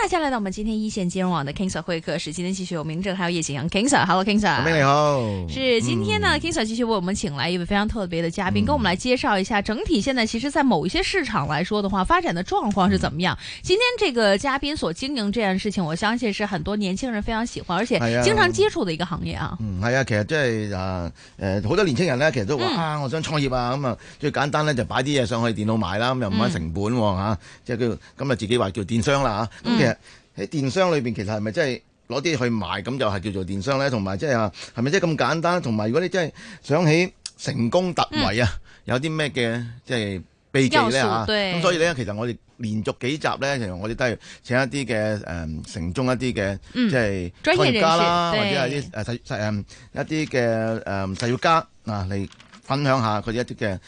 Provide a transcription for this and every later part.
大家來到我們今天一線金融網的 King Sir 會客室，今天繼續有明正，還有葉景陽。King Sir，Hello，King Sir，各位你好。是今天呢、嗯、King Sir 繼續為我們請來一位非常特別的嘉賓，嗯、跟我們來介紹一下整體現在其實，在某一些市場來說的話，發展的狀況是怎麼樣？嗯、今天這個嘉賓所經營這件事情，我相信是很多年輕人非常喜歡，而且經常接觸的一個行業啊、嗯。嗯，係啊，其實即係誒，誒、啊，好、呃、多年輕人呢，其實都話啊，我想創業啊，咁、嗯、啊，嗯、最簡單呢，就擺啲嘢上去電腦賣啦，咁又唔慳成本吓、啊啊，即係佢咁啊，自己話叫電商啦吓，啊嗯嗯喺電商裏邊，其實係咪真係攞啲去賣咁就係叫做電商咧？同埋即係啊，係咪真係咁簡單？同埋如果你真係想起成功突圍啊，有啲咩嘅即係秘技咧嚇？咁所以咧，其實我哋連續幾集咧，其實我哋都係請一啲嘅誒城中一啲嘅即係創業家啦，或者係啲誒一啲嘅誒細要家嗱嚟分享下佢哋一啲嘅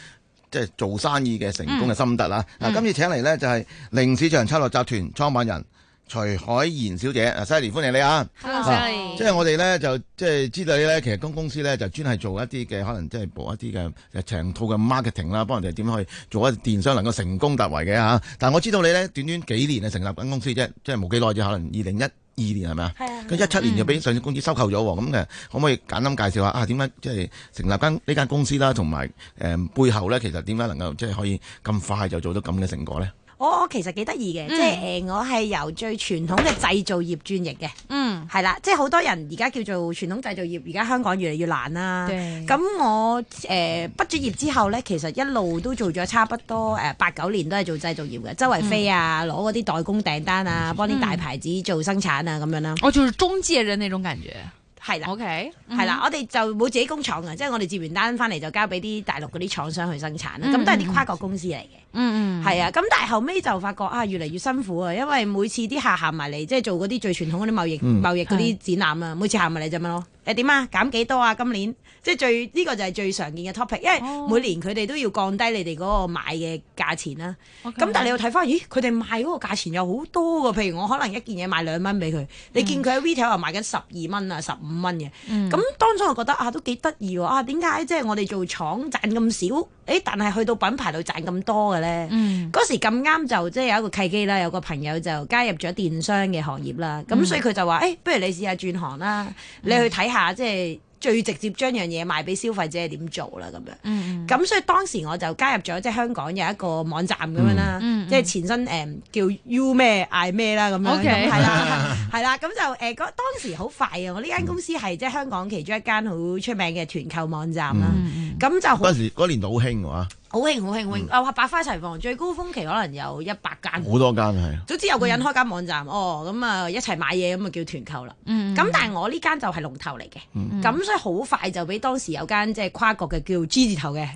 即係做生意嘅成功嘅心得啦。嗱，今次請嚟咧就係令市場策略集團創辦人。徐藹妍小姐，啊，Sally，歡迎你啊！Hello 歡迎，即係我哋咧就即係知道你咧，其實公公司咧就專係做一啲嘅可能即係做一啲嘅成套嘅 marketing 啦，幫人哋點樣去做一電商能夠成功突圍嘅嚇。但係我知道你咧短短幾年啊成立緊公司啫，即係冇幾耐啫，可能二零一二年係咪啊？係啊。咁一七年就俾上市公司收購咗喎，咁嘅、嗯、可唔可以簡單介紹下啊？點解即係成立間呢間公司啦，同埋誒背後咧其實點解能夠即係可以咁快就做到咁嘅成果咧？我我其實幾得意嘅，即係我係由最傳統嘅製造業轉型嘅，係啦，即係好多人而家叫做傳統製造業，而家香港越嚟越難啦。咁我誒畢咗業之後咧，其實一路都做咗差不多誒八九年都係做製造業嘅，周圍飛啊，攞嗰啲代工訂單啊，幫啲大牌子做生產啊，咁樣啦。我就係中介人嘅那種感覺，係啦，OK，係啦，我哋就冇自己工廠嘅，即係我哋接完單翻嚟就交俾啲大陸嗰啲廠商去生產啦，咁都係啲跨國公司嚟嘅。嗯嗯，嗯，係啊，咁但係後尾就發覺啊，越嚟越辛苦啊，因為每次啲客行埋嚟，即係做嗰啲最傳統嗰啲貿易貿、嗯、易啲展覽是的 啊，每次行埋嚟就問咯，誒點啊，減幾多啊？今年即係最呢、這個就係最常見嘅 topic，因為每年佢哋都要降低你哋嗰個賣嘅價錢啦、啊。咁、哦、但係你要睇翻，咦，佢哋賣嗰個價錢有好多噶，譬如我可能一件嘢賣兩蚊俾佢，你見佢喺 retail 又賣緊十二蚊啊十五蚊嘅。咁、嗯嗯嗯、當初我覺得啊，都幾得意喎，啊點解即係我哋做廠賺咁少？誒，但係去到品牌度賺咁多嘅咧，嗰、嗯、時咁啱就即係有一個契機啦。有個朋友就加入咗電商嘅行業啦，咁、嗯、所以佢就話：誒、欸，不如你試下轉行啦，你去睇下、嗯、即係。最直接將樣嘢賣俾消費者係點做啦咁樣，咁、嗯、所以當時我就加入咗即係香港有一個網站咁樣啦，嗯、即係前身誒、嗯嗯、叫、y、U 咩嗌咩啦咁樣，OK、係啦係啦，咁就誒嗰當時好快啊！我呢間公司係即係香港其中一間好出名嘅團購網站啦，咁、嗯、就嗰時年度好興㗎喎。好興好興，哇！百、嗯啊、花齊放，最高峰期可能有一百間好多間係。早知有個人開間網站，嗯、哦，咁啊一齊買嘢咁啊叫團購啦。咁、嗯、但係我呢間就係龍頭嚟嘅，咁、嗯、所以好快就俾當時有間即係跨國嘅叫 G 字頭嘅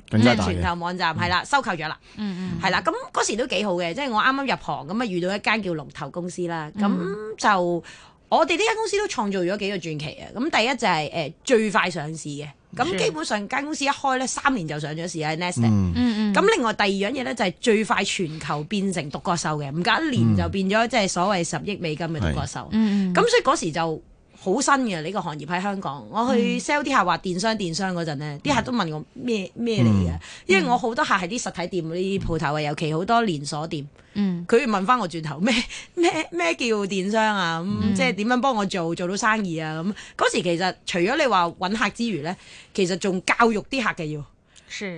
全球網站係啦、嗯、收購咗啦。係啦、嗯，咁嗰時都幾好嘅，即、就、係、是、我啱啱入行咁啊遇到一間叫龍頭公司啦。咁就、嗯、我哋呢間公司都創造咗幾個傳奇嘅。咁第一就係、是、誒最快上市嘅。咁基本上間 Sure. 公司一開咧，三年就上咗市啊 Nasdaq。咁另外第二樣嘢咧，就係最快全球變成獨角獸嘅，唔隔一年就變咗即係所謂十億美金嘅獨角獸。咁、mm hmm. 所以嗰時就。好新嘅呢個行業喺香港，我去 sell 啲客話電商電商嗰陣呢，啲、嗯、客都問我咩咩嚟嘅？嗯、因為我好多客係啲實體店嗰啲鋪頭啊，尤其好多連鎖店，佢、嗯、問翻我轉頭咩咩咩叫電商啊，咁、嗯、即係點樣幫我做做到生意啊，咁嗰時其實除咗你話揾客之餘呢，其實仲教育啲客嘅要。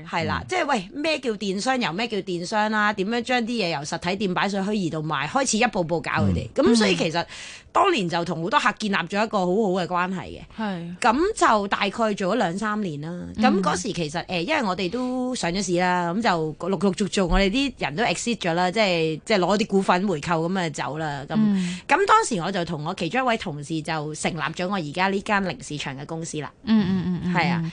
係啦，即係喂咩叫電商，由咩叫電商啦、啊，點樣將啲嘢由實體店擺上虛擬度賣，開始一步步搞佢哋。咁、嗯、所以其實當年就同好多客建立咗一個好好嘅關係嘅。係咁是就大概做咗兩三年啦。咁嗰、嗯、時其實誒、哎，因為我哋都上咗市啦，咁就陸陸續續我哋啲人都 exit 咗啦，即係即係攞啲股份回購咁啊走啦。咁咁、嗯、當時我就同我其中一位同事就成立咗我而家呢間零市場嘅公司啦、嗯。嗯嗯嗯，係啊。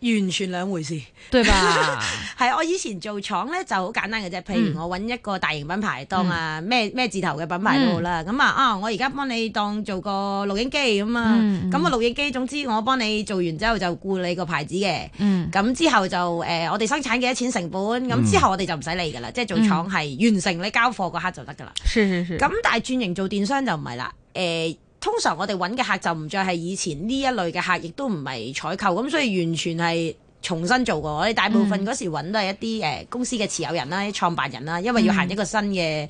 完全兩回事，對吧？係 我以前做廠咧就好簡單嘅啫，譬如我搵一個大型品牌當啊咩咩、嗯、字頭嘅品牌都好啦，咁、嗯、啊啊我而家幫你當做個錄影機咁啊，咁個錄影機總之我幫你做完之後就顧你個牌子嘅，咁、嗯、之後就誒、呃、我哋生產幾多錢成本，咁之後我哋就唔使理噶啦，嗯、即係做廠係完成你交貨嗰刻就得噶啦。是是是。咁但係轉型做電商就唔係啦，誒、呃。呃通常我哋揾嘅客就唔再係以前呢一類嘅客，亦都唔係採購，咁所以完全係重新做過。我哋大部分嗰時揾都係一啲誒公司嘅持有人啦、嗯、創辦人啦，因為要行一個新嘅誒、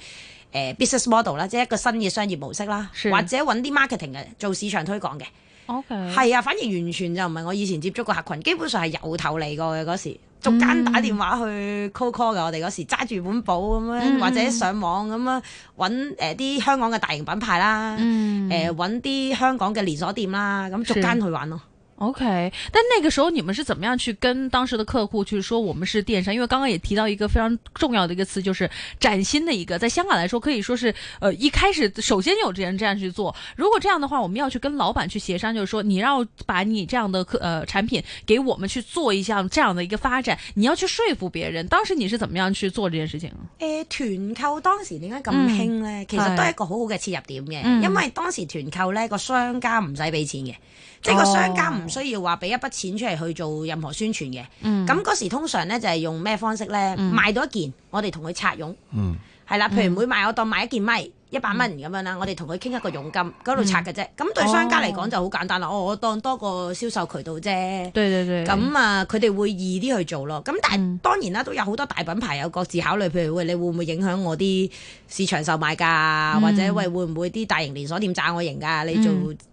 呃、business model 啦，即係一個新嘅商業模式啦，是或者揾啲 marketing 嘅做市場推廣嘅。OK，係啊，反而完全就唔係我以前接觸過客群，基本上係由頭嚟過嘅嗰時。逐間打電話去 call call 嘅，我哋嗰時揸住本簿咁樣，嗯、或者上網咁樣揾誒啲香港嘅大型品牌啦，誒揾啲香港嘅連鎖店啦，咁逐間去玩咯。OK，但那個時候你們是怎麼樣去跟當時的客戶去說我們是電商？因為剛剛也提到一個非常重要的一個詞，就是嶄新的一個，在香港來說可以說是，呃，一開始首先有這樣這樣去做。如果這樣的話，我們要去跟老闆去協商，就是說你要把你這樣的客，呃，產品給我們去做一項這樣的一個發展，你要去說服別人。當時你是怎麼樣去做這件事情？誒、欸，團購當時點解咁興咧？嗯、其實都係一個好好嘅切入點嘅，的因為當時團購呢個商家唔使俾錢嘅。即係個商家唔需要話俾一筆錢出嚟去做任何宣傳嘅，咁嗰時通常咧就係用咩方式咧賣到一件，我哋同佢拆佣，係啦，譬如每賣我當賣一件咪一百蚊咁樣啦，我哋同佢傾一個佣金嗰度拆嘅啫。咁對商家嚟講就好簡單啦，我當多個銷售渠道啫。對對對，咁啊，佢哋會易啲去做咯。咁但係當然啦，都有好多大品牌有各自考慮，譬如喂，你會唔會影響我啲市場售價啊？或者喂，會唔會啲大型連鎖店炸我型噶？你做？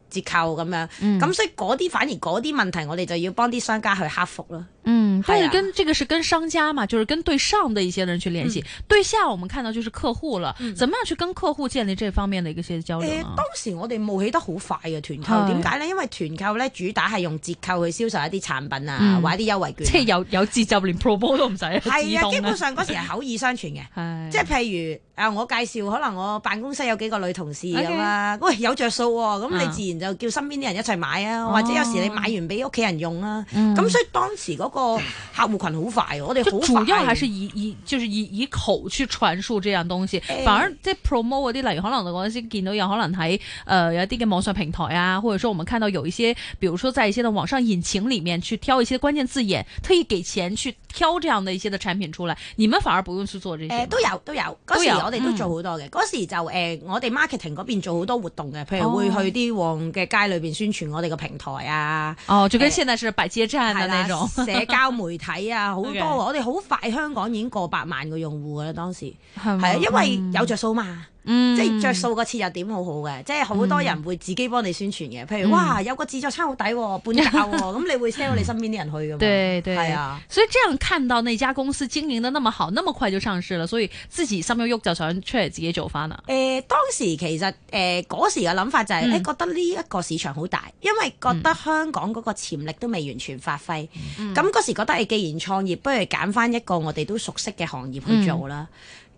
折扣咁樣，咁所以嗰啲反而嗰啲問題，我哋就要幫啲商家去克服咯。嗯，係跟這個是跟商家嘛，就是跟對上的一些人去聯繫，對下我們看到就是客戶了，怎麼樣去跟客戶建立這方面嘅一些交流？當時我哋冒起得好快嘅團購，點解呢？因為團購咧主打係用折扣去銷售一啲產品啊，或啲優惠券，即係有有節奏，連 promo 都唔使。係啊，基本上嗰時係口耳相傳嘅，即係譬如誒，我介紹，可能我辦公室有幾個女同事咁啦，喂，有着數喎，咁你自然就。又叫身邊啲人一齊買啊，哦、或者有時你買完俾屋企人用啊。咁、嗯、所以當時嗰個客戶群好快， 我哋好快。就主要係以 是以，就是以以口去傳述這樣東西，呃、反而即係 promote 啲，例如可能我嗰陣時見到有可能喺誒、呃、有一啲嘅網上平台啊，或者說我們看到有一些，比如說在一些嘅網上引擎裡面去挑一些關鍵字眼，特意給錢去挑這樣的一些嘅產品出嚟。你們反而不用去做呢些？呃。都有都有，嗰時我哋都做好多嘅。嗰、嗯、時就誒、呃，我哋 marketing 嗰邊做好多活動嘅，譬如會去啲嘅街裏邊宣傳我哋個平台啊，哦，最緊要先係上個牌子啦，等等住，社交媒體啊，好多，Okay. 我哋好快香港已經過百萬個用戶㗎喇，當時係 啊，因為有着數嘛。即係着數個切入點好好嘅，即係好多人會自己幫你宣傳嘅。譬如哇，有個自助餐好抵，半價，咁你會 sell 你身邊啲人去咁。對對係啊，所以這樣看到那家公司經營得那麼好，那麼快就上市了，所以自己心喐喐就想出嚟自己做翻啦。誒，當時其實誒嗰時嘅諗法就係，誒覺得呢一個市場好大，因為覺得香港嗰個潛力都未完全發揮。咁嗰時覺得既然創業，不如揀翻一個我哋都熟悉嘅行業去做啦。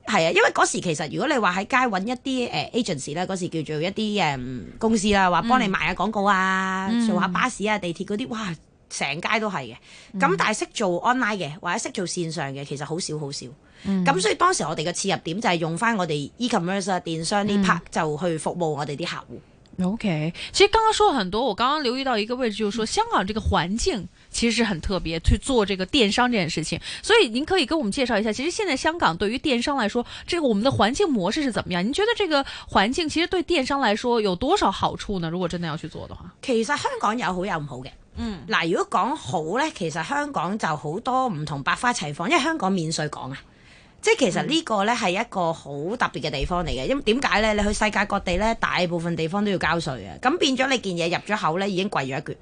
係啊，因為嗰時其實如果你話喺街揾一啲誒、呃、agency 咧，嗰時叫做一啲誒、嗯、公司啦，話幫你賣下廣告啊，嗯、做下巴士啊、地鐵嗰啲，哇，成街都係嘅。咁、嗯、但係識做 online 嘅或者識做線上嘅，其實好少好少。咁、嗯、所以當時我哋嘅切入點就係用翻我哋 e-commerce、啊、電商呢 part 就去服務我哋啲客戶、嗯。OK，其實剛剛說很多，我剛剛留意到一個位置，就是說、嗯、香港這個環境。其實是很特別去做這個電商這件事情，所以您可以跟我們介紹一下，其實現在香港對於電商來說，這個我們的環境模式是怎麼樣？您覺得這個環境其實對電商來說有多少好處呢？如果真的要去做的話，其實香港有好有唔好嘅，嗯，嗱，如果講好呢，其實香港就好多唔同，百花齊放，因為香港免稅港啊。即係其實呢個呢係一個好特別嘅地方嚟嘅，因為點解呢？你去世界各地呢，大部分地方都要交稅呀，咁變咗你件嘢入咗口呢，已經貴咗一橛。咁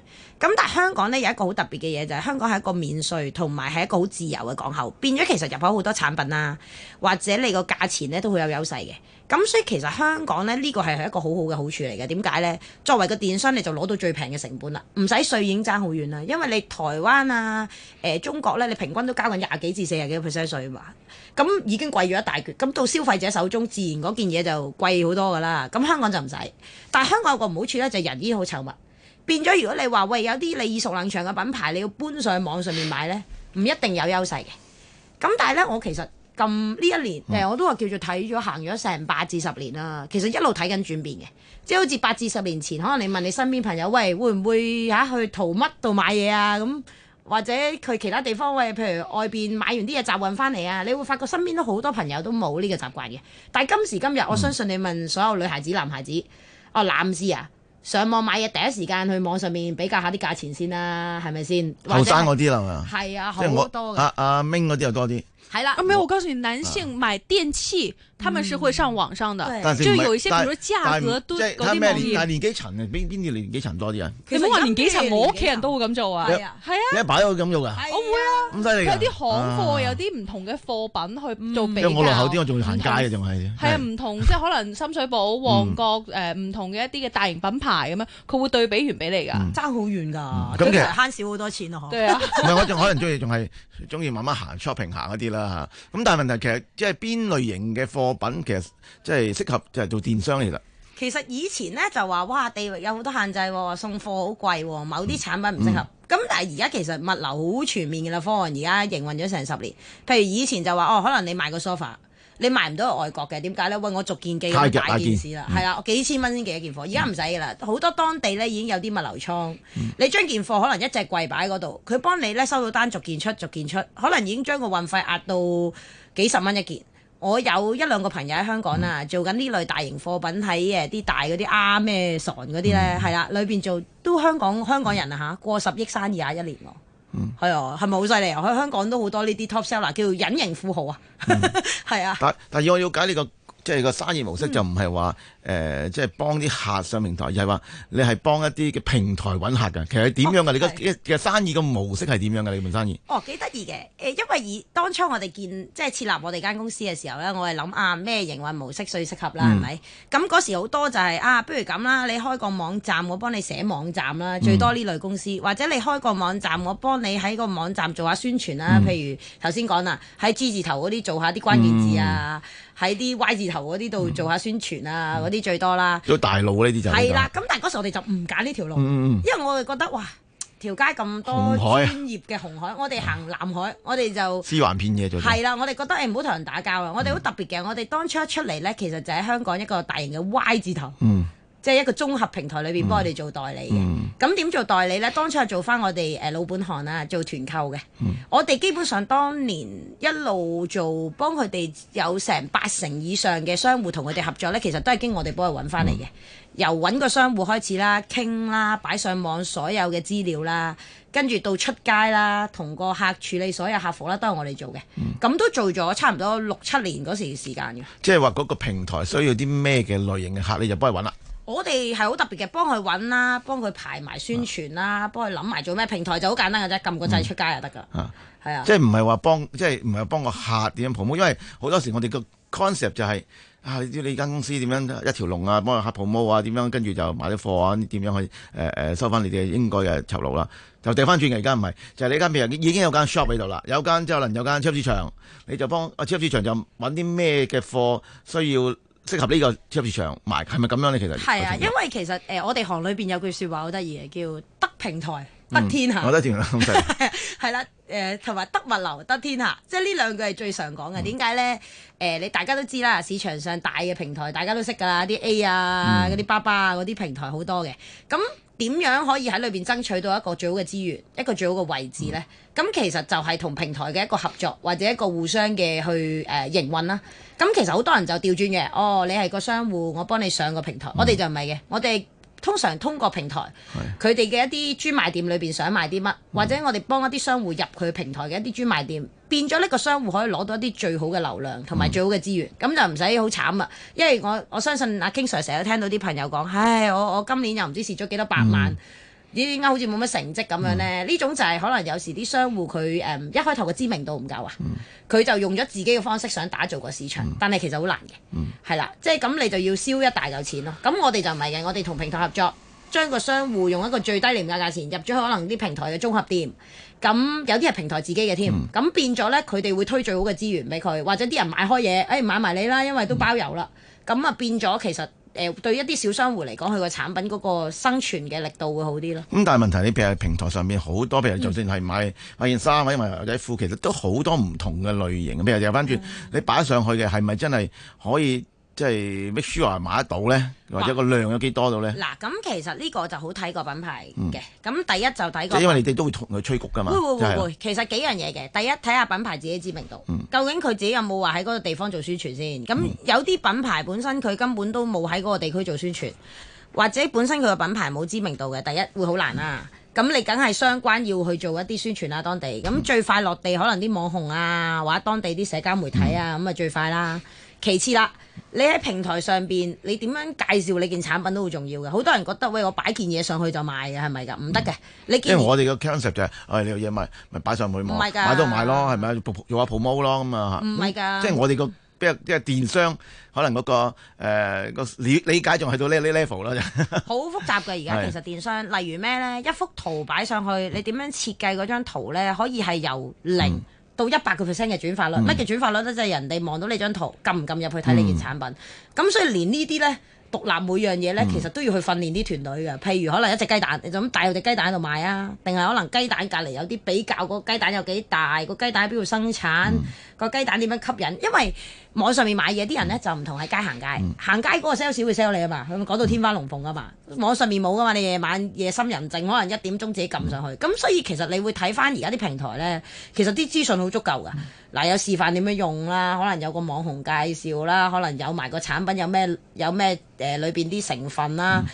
但係香港呢，有一個好特別嘅嘢就係、是、香港係一個免稅同埋係一個好自由嘅港口，變咗其實入口好多產品啦，或者你個價錢呢，都會有優勢嘅。咁所以其實香港咧呢個係係一個好好嘅好處嚟嘅，點解呢？作為個電商，你就攞到最平嘅成本啦，唔使稅已經爭好遠啦。因為你台灣啊、誒、呃、中國呢，你平均都交緊廿幾至四十幾個 percent 稅嘛，咁、嗯、已經貴咗一大橛。咁、嗯、到消費者手中，自然嗰件嘢就貴好多㗎啦。咁、嗯、香港就唔使，但係香港有個唔好處呢，就係、人煙好稠密，變咗如果你話喂有啲你耳熟能詳嘅品牌，你要搬上網上面買呢，唔一定有優勢嘅。咁、嗯、但係呢，我其實。咁呢一年誒，嗯、我都話叫做睇咗行咗成八至十年啦。其實一路睇緊轉變嘅，即係好似八至十年前，可能你問你身邊朋友，喂會唔會嚇去淘乜度買嘢啊？咁、啊嗯、或者去其他地方喂，譬如外邊買完啲嘢集運翻嚟啊，你會發覺身邊都好多朋友都冇呢個習慣嘅。但係今時今日，嗯、我相信你問所有女孩子、男孩子，哦男士啊。上網買嘢，第一時間去網上面比較下啲價錢先啦，係咪先？後生嗰啲啦，係啊，好多。阿阿 Ming 嗰啲又多啲。係啦，咁冇，我告訴你，男性買電器。啊他們是會上網上的，就有一些，比如價格都。啲咩年？年幾層？邊邊啲年幾層多啲人？其實我年幾層，我屋企人都會咁做啊。係啊，係啊。你擺咗咁做噶。我會啊。咁犀利。有啲行貨，有啲唔同嘅貨品去做比較。我落後啲，我仲要行街嘅，仲係。係啊，唔同即係可能深水埗旺角誒，唔同嘅一啲嘅大型品牌咁樣，佢會對比完俾你噶，爭好遠噶，其實慳少好多錢咯，嗬。對啊。唔係，我仲可能中意仲係中意慢慢行 shopping 行一啲啦，咁但係問題其實即係邊類型嘅貨。貨品其實即係適合就係做電商嚟嘅。其實以前咧就話哇，地域有好多限制，送貨好貴，某啲產品唔適合。咁、嗯、但係而家其實物流好全面嘅啦。科行而家營運咗成十年。譬如以前就話哦，可能你賣個 sofa，你賣唔到去外國嘅。點解咧？喂，我逐件寄咁樣擺件事啦。係啦、嗯嗯啊，幾千蚊先寄一件貨。而家唔使噶啦，好多當地咧已經有啲物流倉。嗯、你將件貨可能一隻櫃擺喺嗰度，佢幫你咧收到單，逐件出，逐件出。可能已經將個運費壓到幾十蚊一件。我有一兩個朋友喺香港啦，嗯、做緊呢類大型貨品喺誒啲大嗰啲啱咩船嗰啲咧，係、啊、啦、嗯，裏邊做都香港香港人啊，嚇，過十億生意啊一年喎，係啊，係咪好犀利啊？喺香港都好多呢啲 top seller 叫隱形富豪啊，係啊、嗯 的。但但要我瞭解你，呢個即係、就係、個生意模式就唔係話。嗯誒、呃，即係幫啲客上平台，又係話你係幫一啲嘅平台搵客㗎。其實點樣㗎？你個嘅生意嘅模式係點樣㗎？你份生意？哦，幾得意嘅。誒、呃，因為而當初我哋建即係設立我哋間公司嘅時候咧，我係諗啊咩營運模式最適合啦，係咪、嗯？咁嗰時好多就係、是、啊，不如咁啦，你開個網站，我幫你寫網站啦，最多呢類公司，嗯、或者你開個網站，我幫你喺個網站做下宣傳啦、啊。譬、嗯、如頭先講啦，喺 G 字頭嗰啲做下啲關鍵字啊，喺啲、嗯、Y 字頭嗰啲度做下宣傳啊，嗯嗯啲最多啦，都大路呢啲就係、是、啦。咁的但係嗰時我哋就唔揀呢條路，嗯、因為我哋覺得哇，條街咁多專業嘅紅海，紅海啊、我哋行藍海，的我哋就思環片嘢就係啦。我哋覺得誒唔好同人打交啊！我哋好特別嘅，嗯、我哋當初一出嚟咧，其實就喺香港一個大型嘅 Y 字頭。嗯即係一個綜合平台裏邊幫我哋做代理嘅。咁點做代理呢？當初係做翻我哋誒老本行啊，做團購嘅。嗯、我哋基本上當年一路做幫佢哋有成八成以上嘅商戶同佢哋合作呢，其實都係經我哋幫佢揾翻嚟嘅。嗯、由揾個商戶開始啦，傾啦，擺上網所有嘅資料啦，跟住到出街啦，同個客處理所有客服啦，都係我哋做嘅。咁、嗯、都做咗差唔多六七年嗰時嘅時間嘅，即係話嗰個平台需要啲咩嘅類型嘅客，你就幫佢揾啦。我哋係好特別嘅，幫佢揾啦，幫佢排埋宣傳啦，啊、幫佢諗埋做咩平台就好簡單嘅啫，撳個掣出街就得噶、嗯。啊，啊，即係唔係話幫，即係唔係幫個客點樣 p r 因為好多時我哋個 concept 就係、是、啊，你你間公司點樣一條龍啊，幫佢客 promo 啊，點樣跟住就賣啲貨啊，點樣去誒誒、呃、收翻你哋應該嘅酬勞啦。就掉翻轉嘅而家唔係，就是、你間譬已經有間 shop 喺度啦，有間即係能有間超市場，你就幫超市場就揾啲咩嘅貨需要。適合呢個超級市場賣係咪咁樣咧？其實係啊，因為其實誒、呃，我哋行裏邊有句説話好得意嘅，叫得平台得天下。嗯、我都同意咁係啦，誒同埋得物流得天下，即係呢兩句係最常講嘅。點解咧？誒，你、呃、大家都知啦，市場上大嘅平台大家都識㗎啦，啲 A 啊，嗰啲巴巴啊，嗰啲平台好多嘅。咁點樣可以喺裏邊爭取到一個最好嘅資源，一個最好嘅位置呢？咁、嗯、其實就係同平台嘅一個合作，或者一個互相嘅去誒、呃、營運啦、啊。咁其實好多人就調轉嘅，哦，你係個商戶，我幫你上個平台，嗯、我哋就唔係嘅，我哋。通常通過平台，佢哋嘅一啲專賣店裏邊想賣啲乜，或者我哋幫一啲商戶入佢平台嘅一啲專賣店，變咗呢個商戶可以攞到一啲最好嘅流量同埋最好嘅資源，咁、嗯、就唔使好慘喇！因為我我相信阿 King Sir 成日聽到啲朋友講，唉，我我今年又唔知蝕咗幾多百萬。嗯啲解好似冇乜成績咁樣咧，呢、嗯、種就係可能有時啲商戶佢誒一開頭嘅知名度唔夠啊，佢、嗯、就用咗自己嘅方式想打造個市場，嗯、但係其實好難嘅，係啦、嗯，即係咁你就要燒一大嚿錢咯。咁我哋就唔係嘅，我哋同平台合作，將個商戶用一個最低廉價價錢入咗去可能啲平台嘅綜合店，咁有啲係平台自己嘅添，咁、嗯、變咗咧佢哋會推最好嘅資源俾佢，或者啲人買開嘢，誒、哎、買埋你啦，因為都包郵啦，咁啊變咗其實。誒、呃、對一啲小商戶嚟講，佢個產品嗰個生存嘅力度會好啲咯。咁、嗯、但係問題，你譬如平台上面好多，譬如就算係買買件衫或者買牛仔褲，其實都好多唔同嘅類型。譬如掉翻轉，你擺上去嘅係咪真係可以？即係 make sure 係買得到呢？或者個量有幾多到呢？嗱、啊，咁其實呢個就好睇個品牌嘅。咁、嗯、第一就睇個品牌，即係因為你哋都會同佢吹局㗎嘛。會會會，會，會、就是、其實幾樣嘢嘅。第一睇下品牌自己知名度，嗯、究竟佢自己有冇話喺嗰個地方做宣傳先。咁、嗯嗯、有啲品牌本身佢根本都冇喺嗰個地區做宣傳，或者本身佢個品牌冇知名度嘅，第一會好難啦、啊。咁、嗯、你梗係相關要去做一啲宣傳啦、啊，當地。咁、嗯嗯、最快落地可能啲網紅啊，或者當地啲社交媒體啊，咁啊、嗯、最快啦。其次啦，你喺平台上邊，你點樣介紹你件產品都好重要嘅。好多人覺得喂，我擺件嘢上去就賣嘅，係咪㗎？唔得嘅，你見。因為我哋個 concept 就係、是哎，你有嘢咪咪擺上去賣，唔係㗎，買都買咯，係咪啊？用下 promote 咯，咁啊唔係㗎。嗯、即係我哋個即係即電商，可能、嗰個誒、呃嗰個理理解仲係到呢呢 level 咯，好、嗯、 複雜嘅而家，其實電商的例如咩咧？一幅圖擺上去，你點樣設計嗰張圖咧？可以係由零、嗯，到一百個 percent 嘅轉化率，乜嘅、嗯、轉化率都即係人哋望到你張圖，撳唔撳入去睇呢件產品？咁、嗯、所以連呢啲咧，獨立每樣嘢咧，嗯、其實都要去訓練啲團隊嘅。譬如可能一隻雞蛋，你就咁帶有隻雞蛋喺度賣啊，定係可能雞蛋隔離有啲比較，個雞蛋有幾大，個雞蛋喺邊度生產？嗯個雞蛋點樣吸引？因為網上面買嘢啲人咧、嗯、就唔同喺街行街，嗯、行街嗰個 sales 會 sell 你啊嘛，佢講到天花龍鳳啊嘛。網上面冇噶嘛，你夜晚夜深人靜，可能一點鐘自己撳上去。咁、嗯、所以其實你會睇翻而家啲平台咧，其實啲資訊好足夠噶。嗱、嗯，有示範點樣用啦，可能有個網紅介紹啦，可能有埋個產品有咩有咩誒裏邊啲成分啦。嗯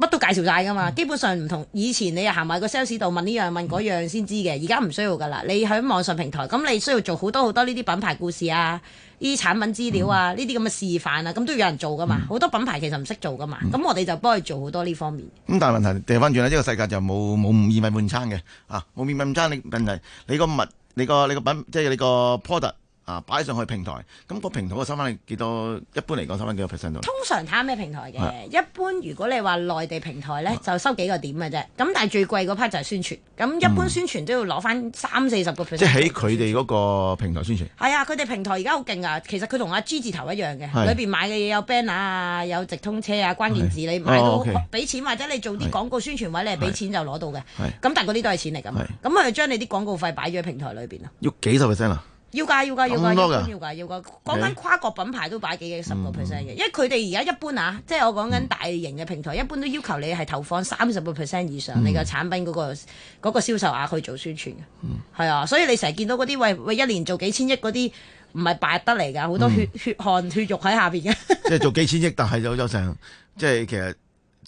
乜都介紹晒噶嘛，基本上唔同以前你又行埋個 sales 度問呢樣問嗰樣先知嘅，而家唔需要噶啦。你喺網上平台，咁你需要做好多好多呢啲品牌故事啊，呢啲產品資料啊，呢啲咁嘅示範啊，咁都有人做噶嘛。好、嗯、多品牌其實唔識做噶嘛，咁、嗯、我哋就幫佢做好多呢方面。咁、嗯嗯、但係問題掉翻轉啦，呢、呢個世界就冇冇二米半餐嘅啊，冇二米半餐，你問題你個物你個你個品即係你個 product 啊！擺上去平台，咁個平台嘅收翻幾多？一般嚟講，收翻幾多？通常睇咩平台嘅？一般如果你話內地平台咧，就收幾個點嘅啫。咁但係最貴嗰 part 就係宣傳。咁一般宣傳都要攞翻三四十個 percent。即係喺佢哋嗰個平台宣傳。係啊，佢哋平台而家好勁啊。其實佢同阿 G 字頭一樣嘅，裏邊買嘅嘢有 banner 啊，有直通車啊，關鍵字你買到俾錢，或者你做啲廣告宣傳位，你係俾錢就攞到嘅。係。咁但係嗰啲都係錢嚟㗎嘛。係。咁佢就將你啲廣告費擺咗喺平台裏邊啊。要幾十 percent 啊？要㗎、啊，要㗎、啊，要㗎、啊啊，要㗎、啊，要㗎，要㗎。講緊跨國品牌都擺幾十個 percent 嘅，因為佢哋而家一般啊，即、就、係、是、我講緊大型嘅平台，嗯、一般都要求你係投放三十個 percent 以上你嘅產品嗰、那個嗰、嗯、銷售額去做宣傳嘅。嗯，係啊，所以你成日見到嗰啲喂喂一年做幾千億嗰啲，唔係白得嚟㗎，好多血、嗯、血汗血肉喺下邊嘅。 即係做幾千億，但係有有成，即係、嗯、其實。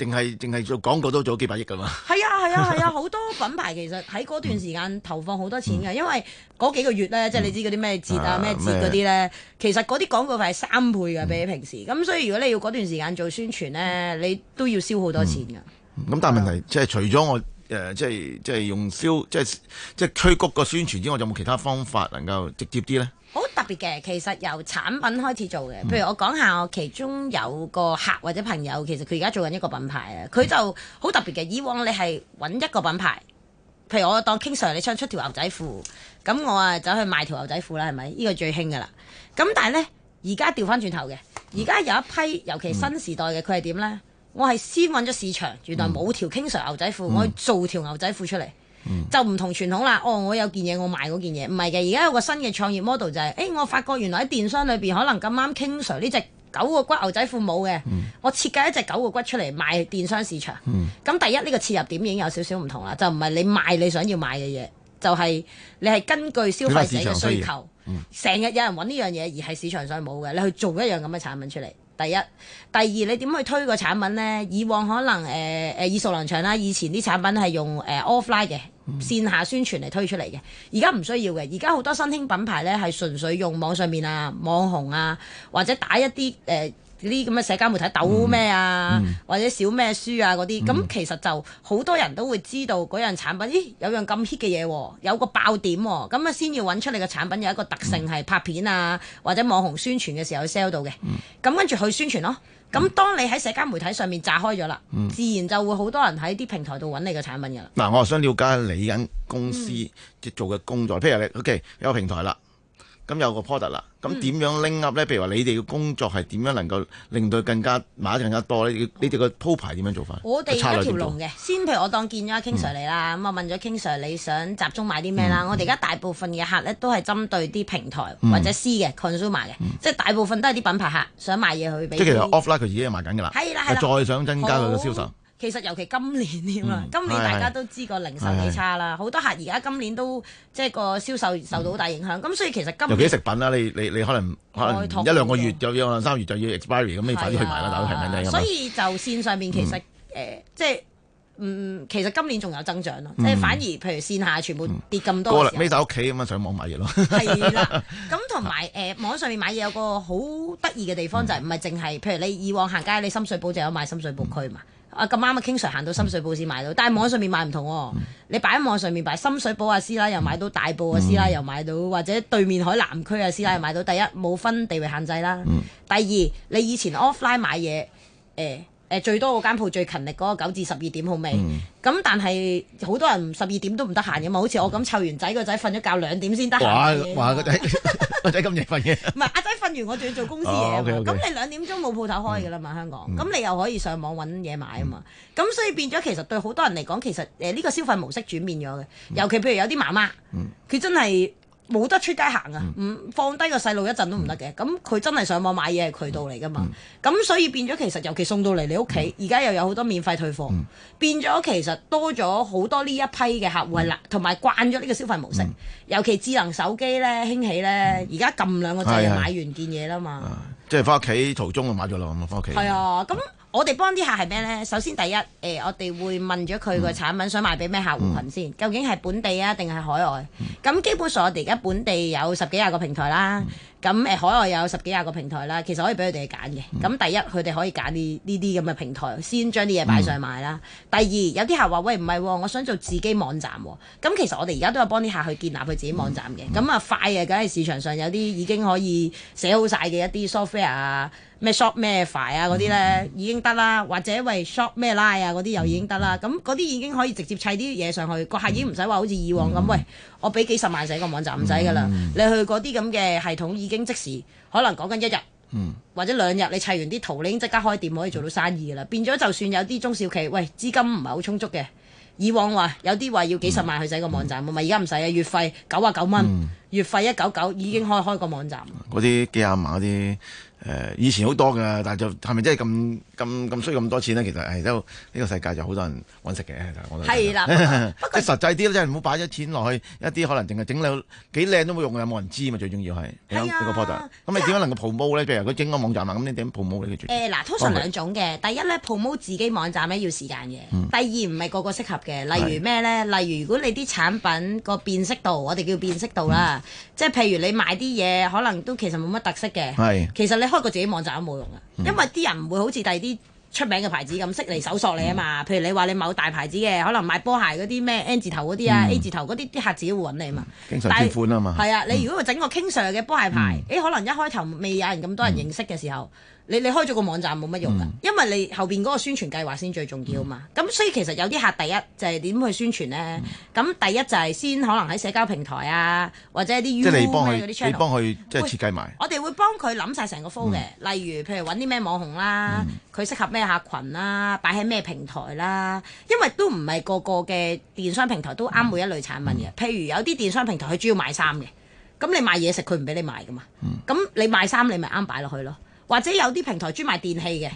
淨係淨係做廣告都做幾百億㗎嘛？係啊係啊係啊！好多品牌其實喺嗰段時間投放好多錢嘅，嗯嗯、因為嗰幾個月咧，嗯、即係你知嗰啲咩節啊咩、啊、節嗰啲咧，嗯、其實嗰啲廣告費係三倍嘅比起平時。咁、嗯、所以如果你要嗰段時間做宣傳咧，嗯、你都要燒好多錢㗎。咁、嗯、但係問題、嗯、即係除咗我。誒，即係即係用銷，即係即係推谷個宣傳之外，有冇其他方法能夠直接啲咧？好特別嘅，其實由產品開始做嘅。譬如我講下，我其中有個客或者朋友，其實佢而家做緊一個品牌啊。佢就好特別嘅。以往你係揾一個品牌，譬如我當 King Sir，你想出條牛仔褲，咁我啊走去賣條牛仔褲啦，係咪？呢個最興噶啦。咁但係咧，而家調翻轉頭嘅，而家有一批，尤其新時代嘅，佢係點咧？我係先揾咗市場，原來冇條 king size 牛仔褲，嗯、我去做條牛仔褲出嚟，嗯、就唔同傳統啦。哦，我有件嘢我賣嗰件嘢，唔係嘅。而家有個新嘅創業 model 就係、是，誒、欸，我發覺原來喺電商裏邊可能咁啱 king size 呢隻九個骨牛仔褲冇嘅，嗯、我設計一隻九個骨出嚟賣電商市場。咁、嗯、第一呢、呢個切入點已經有少少唔同啦，就唔係你賣你想要買嘅嘢，就係、是、你係根據消費者嘅需求，成日、嗯、有人揾呢樣嘢而係市場上冇嘅，你去做一樣咁嘅產品出嚟。第一，第二，你點去推個產品呢？以往可能誒誒耳熟能詳啦、啊，以前啲產品係用誒、呃、offline 嘅、嗯、線下宣傳嚟推出嚟嘅，而家唔需要嘅。而家好多新興品牌呢，係純粹用網上面啊，網紅啊，或者打一啲誒。呃呢啲咁嘅社交媒體抖咩啊，嗯嗯、或者小咩書啊嗰啲，咁、嗯、其實就好多人都會知道嗰樣產品。咦，有樣咁 hit 嘅嘢喎，有、嗯、個爆點喎，咁啊先要揾出你個產品有一個特性係拍片啊，或者網紅宣傳嘅時候去 sell 到嘅。咁跟住去宣傳咯。咁當你喺社交媒體上面炸開咗啦，嗯、自然就會好多人喺啲平台度揾你個產品㗎啦。嗱、嗯啊，我想了解你間公司即做嘅工作，譬如你 OK 有個平台啦。咁有個 product 啦，咁點樣 link up 咧？譬如話你哋嘅工作係點樣能夠令到更加買得更加多咧？你哋嘅鋪排點樣做法？我哋一條龍嘅。先譬如我當見咗阿 King Sir 你啦，咁、嗯嗯、我問咗 King Sir 你想集中買啲咩啦？嗯嗯、我哋而家大部分嘅客咧都係針對啲平台、嗯、或者私嘅 consumer 嘅，嗯、即係大部分都係啲品牌客想賣嘢去俾。即其實 off 啦，佢已經賣緊㗎啦。係啦係再想增加佢嘅銷售。其實尤其今年添啊，今年大家都知個零售幾差啦，好多客而家今年都即係個銷售受到好大影響。咁所以其實今年幾食品啦，你你你可能可能一兩個月，有有兩三個月就要 expiry，咁你快啲去買啦，等佢平啲啦。所以就線上面其實誒即係其實今年仲有增長咯，即係反而譬如線下全部跌咁多。匿喺屋企咁樣上網買嘢咯。係啦，咁同埋誒網上面買嘢有個好得意嘅地方就係唔係淨係譬如你以往行街，你深水埗就有買深水埗區嘛。啊咁啱啊，經常行到深水埗先買到，但係網上面買唔同喎。嗯、你擺喺網上面擺，深水埗啊師奶又買到，大埔啊師奶又買到，或者對面海南區啊師奶又買到。第一冇分地位限制啦，嗯、第二你以前 offline 買嘢，誒、欸。誒，最多嗰間鋪最勤力嗰個九至十二點好未？咁但係好多人十二點都唔得閒嘅嘛，好似我咁湊完仔，個仔瞓咗覺兩點先得閒。話話個仔個仔咁夜瞓嘅，唔係阿仔瞓完我仲要做公司嘢喎。咁、哦 okay, okay. 你兩點鐘冇鋪頭開嘅啦嘛，香港。咁、嗯、你又可以上網揾嘢買啊嘛。咁、嗯、所以變咗其實對好多人嚟講，其實誒呢個消費模式轉變咗嘅。尤其譬如有啲媽媽，佢、嗯、真係。冇得出街行啊！唔放低個細路一陣都唔得嘅，咁佢真係上網買嘢係渠道嚟噶嘛？咁所以變咗其實尤其送到嚟你屋企，而家又有好多免費退貨，變咗其實多咗好多呢一批嘅客戶係啦，同埋慣咗呢個消費模式。尤其智能手機咧興起咧，而家撳兩個掣買完件嘢啦嘛，即係翻屋企途中就買咗啦，咁啊翻屋企。係啊，咁。我哋幫啲客係咩咧？首先第一，誒、呃、我哋會問咗佢個產品、嗯、想賣俾咩客戶群、嗯、先，究竟係本地啊定係海外？咁、嗯、基本上我哋而家本地有十幾廿個平台啦，咁誒、嗯、海外有十幾廿個平台啦，其實可以俾佢哋揀嘅。咁、嗯、第一佢哋可以揀呢呢啲咁嘅平台先將啲嘢擺上去賣啦。嗯、第二有啲客話喂唔係、哦，我想做自己網站喎、啊。咁其實我哋而家都有幫啲客去建立佢自己網站嘅。咁啊、嗯嗯、快啊，梗係市場上有啲已經可以寫好晒嘅一啲 software 啊。咩 Shop 咩 ify 啊嗰啲咧已經得啦，或者喂 Shop 咩 line 啊嗰啲又已經得啦，咁嗰啲已經可以直接砌啲嘢上去，個、嗯、客已經唔使話好似以往咁，嗯、喂我俾幾十萬洗個網站唔使噶啦，嗯、你去嗰啲咁嘅系統已經即時，可能講緊一日、嗯、或者兩日，你砌完啲圖，你已經即刻開店可以做到生意噶啦，嗯、變咗就算有啲中小企，喂資金唔係好充足嘅，以往話有啲話要幾十萬去洗個網站，咪而家唔使啊，月費九啊九蚊，月費一九九已經開開個網站，嗰啲、嗯、幾廿萬嗰啲。誒以前好多嘅，但係就係咪真係咁？咁咁需要咁多錢咧，其實誒都呢個世界就好多人揾食嘅，我覺得。係啦，不過實際啲真係唔好擺咗錢落去一啲可能淨係整到幾靚都冇用嘅，冇人知嘛，最重要係。係，咁你點樣能夠 promote 咧，譬如佢整個網站啊，咁你點 promote 咧？誒嗱，通常兩種嘅，第一咧 promote 自己網站咧要時間嘅，第二唔係個個適合嘅。例如咩咧？例如如果你啲產品個辨識度，我哋叫辨識度啦，即係譬如你賣啲嘢可能都其實冇乜特色嘅，其實你開個自己網站都冇用嘅，因為啲人唔會好似第啲。出名嘅牌子咁識嚟搜索你啊嘛，嗯、譬如你話你某大牌子嘅，可能賣波鞋嗰啲咩 N 字頭嗰啲啊 A 字頭嗰啲，啲客自己會揾你啊嘛、嗯。經常款啊嘛。係但、嗯、啊，你如果整個 King Sir 嘅波鞋牌，誒、嗯、可能一開頭未有人咁多人認識嘅時候。嗯嗯你你開咗個網站冇乜用噶，嗯、因為你後邊嗰個宣傳計劃先最重要嘛。咁、嗯、所以其實有啲客第一、就係嗯、第一就係點去宣傳咧？咁第一就係先可能喺社交平台啊，或者啲 YouTube 幫佢即係設計埋。我哋會幫佢諗晒成個 flow、嗯、例如譬如揾啲咩網紅啦，佢、嗯、適合咩客群啦，擺喺咩平台啦。因為都唔係個個嘅電商平台都啱每一類產品嘅。嗯嗯、譬如有啲電商平台佢主要賣衫嘅，咁你賣嘢食佢唔俾你賣噶嘛。咁你賣衫你咪啱擺落去咯。或者有啲平台專賣電器嘅，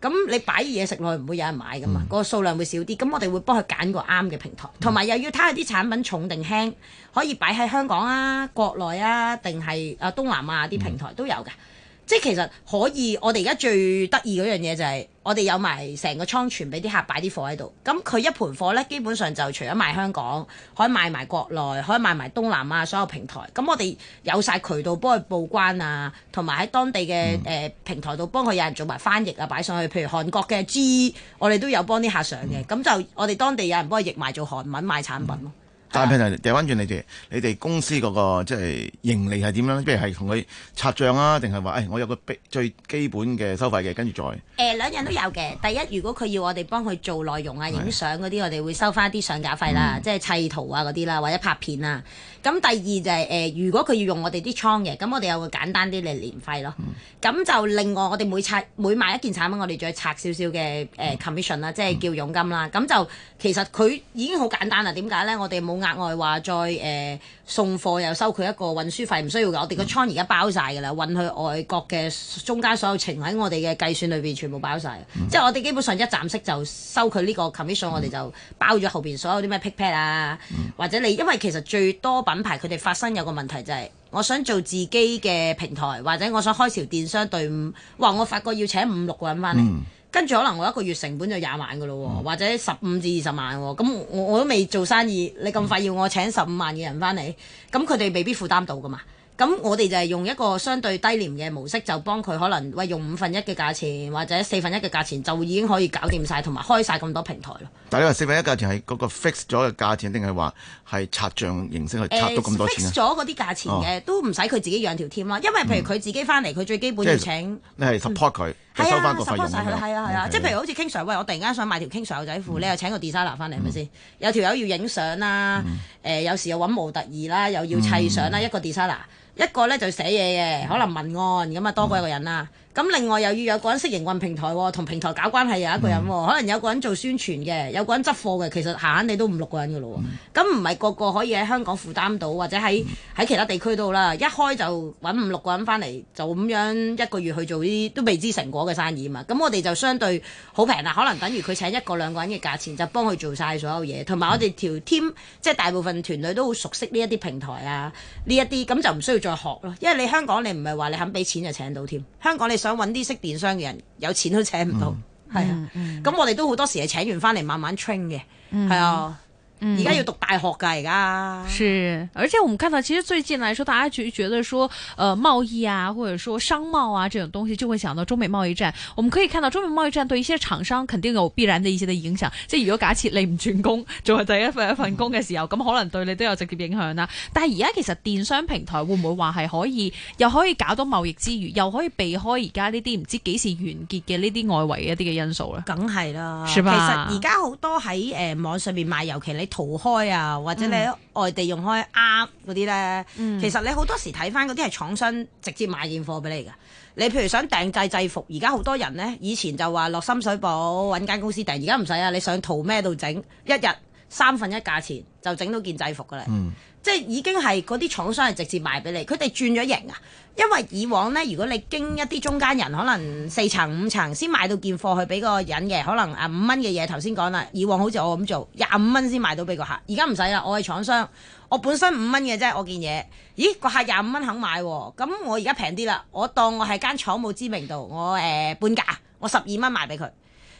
咁、嗯、你擺嘢食落去唔會有人買噶嘛，嗯、個數量會少啲。咁我哋會幫佢揀個啱嘅平台，同埋、嗯、又要睇下啲產品重定輕，可以擺喺香港啊、國內啊，定係啊東南亞啲平台都有嘅。嗯嗯即係其實可以，我哋而家最得意嗰樣嘢就係我哋有埋成個倉存俾啲客擺啲貨喺度。咁佢一盤貨呢，基本上就除咗賣香港，可以賣埋國內，可以賣埋東南亞、啊、所有平台。咁我哋有晒渠道幫佢報關啊，同埋喺當地嘅誒、嗯呃、平台度幫佢有人做埋翻譯啊，擺上去。譬如韓國嘅 G，我哋都有幫啲客上嘅。咁、嗯、就我哋當地有人幫佢譯埋做韓文賣產品咯、啊。嗯但係掉翻轉你哋，你哋公司嗰、那個即係盈利係點樣咧？即係係同佢拆帳啊，定係話誒我有個最基本嘅收費嘅，跟住再誒、呃、兩樣都有嘅。第一，如果佢要我哋幫佢做內容啊、影相嗰啲，的我哋會收翻啲上架費啦，嗯、即係砌圖啊嗰啲啦，或者拍片啊。咁第二就係、是、誒、呃，如果佢要用我哋啲倉嘅，咁我哋有個簡單啲嚟年費咯。咁、嗯、就另外我哋每拆每買一件產品，我哋再拆少少嘅誒、呃嗯、commission 啦，即係叫佣金啦。咁、嗯嗯、就其實佢已經好簡單啦。點解咧？我哋冇。額外話再誒、呃、送貨又收佢一個運輸費，唔需要㗎。嗯、我哋個倉而家包晒㗎啦，運去外國嘅中間所有程喺我哋嘅計算裏邊全部包晒。嗯、即係我哋基本上一站式就收佢呢個 commission，、嗯、我哋就包咗後邊所有啲咩 pick pack 啊，嗯、或者你因為其實最多品牌佢哋發生有個問題就係、是，我想做自己嘅平台或者我想開條電商隊伍，哇！我發覺要請五六個人翻嚟。嗯跟住可能我一個月成本就廿萬噶咯喎，嗯、或者十五至二十萬喎、哦。咁、嗯、我、嗯、我都未做生意，你咁快要我請十五萬嘅人翻嚟，咁佢哋未必負擔到噶嘛？咁、嗯嗯、我哋就係用一個相對低廉嘅模式，就幫佢可能喂用五分一嘅價錢，或者四分一嘅價錢，就已經可以搞掂晒同埋開晒咁多平台咯。但係四分一價錢係嗰個 fix 咗嘅價錢，定係話係拆賬形式去拆到咁多錢啊？fix 咗嗰啲價錢嘅，哦、都唔使佢自己養條添啦。因為譬如佢自己翻嚟，佢、嗯、最基本要請，嗯、你係 support 佢。係啊，拾翻曬佢，係啊，係啊，即係譬如好似 King Sir，喂，我突然間想買條 King Sir 仔褲，你又請個 designer 翻嚟，係咪先？有條友要影相啦，誒，有時又揾模特兒啦，又要砌相啦，一個 designer，一個咧就寫嘢嘅，可能文案咁啊，多過一個人啦。咁另外又要有個人識營運平台，同平台搞關係，又一個人、嗯、可能有個人做宣傳嘅，有個人執貨嘅，其實閒閒地都五六個人嘅咯。咁唔係個個可以喺香港負擔到，或者喺喺其他地區度啦。一開就揾五六個人翻嚟，就咁樣一個月去做呢啲都未知成果嘅生意嘛。咁我哋就相對好平啦，可能等於佢請一個兩個人嘅價錢就幫佢做晒所有嘢，同埋我哋條 team 即係大部分團隊都好熟悉呢一啲平台啊，呢一啲咁就唔需要再學咯。因為你香港你唔係話你肯俾錢就請到添，香港你。想揾啲識電商嘅人，有錢都請唔到，係啊。咁我哋都好多時係請完返嚟，慢慢 train 嘅，係啊。而家、嗯、要讀大學噶而家，是而且我們看到，其實最近來說，大家覺覺得說，誒、呃、貿易啊，或者說商貿啊，這種東西就會想到中美貿易戰。我們可以看到中美貿易戰對一些廠商肯定有必然的一些的影響。即係如果假設你唔轉工，做第一份一份工嘅時候，咁、嗯、可能對你都有直接影響啦。但係而家其實電商平台會唔會話係可以 又可以搞到貿易之餘，又可以避開而家呢啲唔知幾時完結嘅呢啲外圍一啲嘅因素呢？梗係啦，吧其實而家好多喺誒網上面賣，尤其你。淘開啊，或者你外地用開啱嗰啲咧，嗯、其實你好多時睇翻嗰啲係廠商直接買件貨俾你㗎。你譬如想訂製制服，而家好多人呢，以前就話落深水埗揾間公司訂，而家唔使啊，你想淘咩度整，一日三分一價錢就整到件制服㗎啦。嗯即係已經係嗰啲廠商係直接賣俾你，佢哋轉咗型啊！因為以往呢，如果你經一啲中間人，可能四層五層先買到件貨去俾嗰個人嘅，可能誒五蚊嘅嘢，頭先講啦。以往好似我咁做，廿五蚊先賣到俾個客，而家唔使啦，我係廠商，我本身五蚊嘅啫，我件嘢，咦個客廿五蚊肯買喎，啊，咁我而家平啲啦，我當我係間廠冇知名度，我誒、呃、半價，我十二蚊賣俾佢，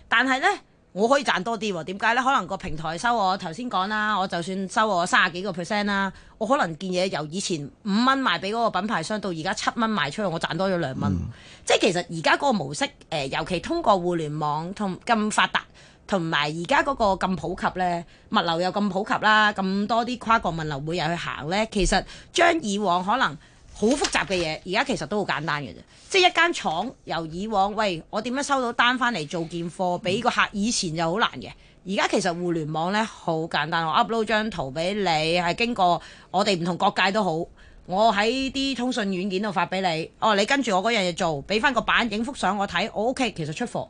但係呢。我可以賺多啲喎？點解呢？可能個平台收我頭先講啦，我就算收我三十幾個 percent 啦，我可能件嘢由以前五蚊賣俾嗰個品牌商到而家七蚊賣出去，我賺多咗兩蚊。嗯、即係其實而家嗰個模式誒，尤其通過互聯網同咁發達，同埋而家嗰個咁普及呢，物流又咁普及啦，咁多啲跨國物流每日去行呢，其實將以往可能。好複雜嘅嘢，而家其實都好簡單嘅啫，即係一間廠由以往，喂，我點樣收到單翻嚟做件貨，俾個客以前就好難嘅，而家其實互聯網呢，好簡單，我 upload 張圖俾你，係經過我哋唔同國界都好，我喺啲通訊軟件度發俾你，哦，你跟住我嗰樣嘢做，俾翻個板影幅相我睇，我 OK，其實出貨。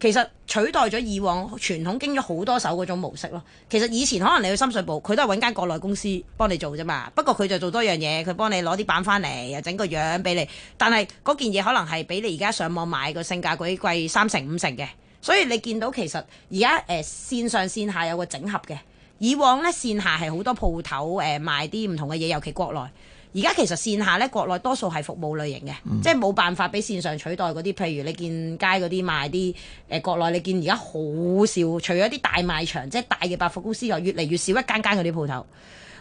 其實取代咗以往傳統經咗好多手嗰種模式咯。其實以前可能你去深水埗，佢都係揾間國內公司幫你做啫嘛。不過佢就做多樣嘢，佢幫你攞啲板翻嚟，又整個樣俾你。但係嗰件嘢可能係比你而家上網買個性價比貴三成五成嘅。所以你見到其實而家誒線上線下有個整合嘅。以往呢，線下係好多鋪頭誒賣啲唔同嘅嘢，尤其國內。而家其實線下咧，國內多數係服務類型嘅，嗯、即係冇辦法俾線上取代嗰啲。譬如你見街嗰啲賣啲誒、呃、國內，你見而家好少，除咗啲大賣場，即係大嘅百貨公司外，又越嚟越少一間間嗰啲鋪頭，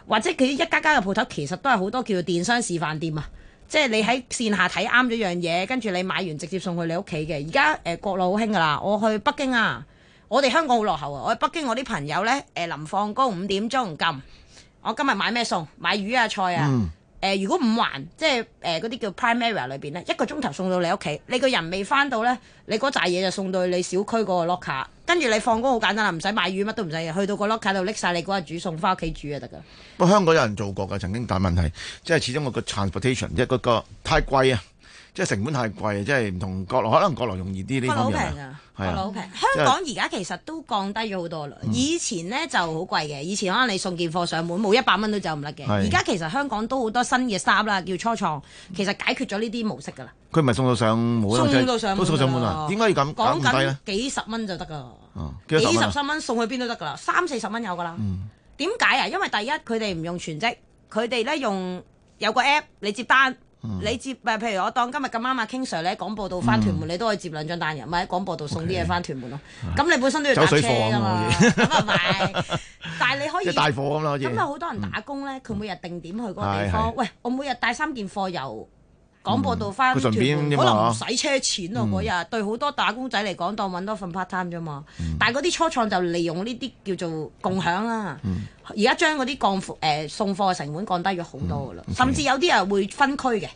或者佢一間間嘅鋪頭其實都係好多叫做電商示範店啊。即係你喺線下睇啱咗樣嘢，跟住你買完直接送去你屋企嘅。而家誒國內好興㗎啦，我去北京啊，我哋香港好落後啊。我去北京，我啲朋友咧誒臨放工五點鐘撳，我今日買咩餸？買魚啊菜啊。嗯誒、呃、如果五環，即係誒嗰啲叫 prime area 裏邊咧，一個鐘頭送到你屋企，你個人未翻到呢，你嗰扎嘢就送到你小區嗰個 locker，跟住你放工好簡單啦，唔使買魚，乜都唔使嘅，去到個 locker 度拎晒你嗰日煮餸，翻屋企煮就得㗎。不過香港有人做過㗎，曾經大問題，即係始終個 transportation 即係嗰個太貴啊，即係成本太貴，即係唔同國內可能國內容易啲呢方面啊。好平，啊、香港而家其實都降低咗好多啦。嗯、以前咧就好貴嘅，以前可能你送件貨上門冇一百蚊都走唔甩嘅。而家是其實香港都好多新嘅 startup 啦，叫初創，其實解決咗呢啲模式噶啦。佢唔係送到上門，都送，送上門啊？點解要咁講緊幾十蚊就得啊、嗯？幾十、啊、幾十三蚊送去邊都得噶啦，三四十蚊有噶啦。點解啊？因為第一佢哋唔用全職，佢哋咧用有個 app 你接單。嗯、你接誒，譬如我當今日咁啱啊 King Sir 咧喺廣播道返屯門，嗯、你都可以接兩張單人，咪喺、嗯、廣播道送啲嘢返屯門咯。咁、嗯、你本身都要搭車㗎嘛，咁啊唔係，但係你可以帶貨咁咯。咁有好多人打工咧，佢、嗯、每日定點去嗰個地方。喂，我每日帶三件貨又。廣播到翻、嗯，面可能唔使車錢咯嗰日。嗯、對好多打工仔嚟講，當揾多份 part time 啫嘛。嗯、但係嗰啲初創就利用呢啲叫做共享啦。而家、嗯、將嗰啲降誒、呃、送貨嘅成本降低咗好多噶啦。嗯 okay。甚至有啲人會分區嘅，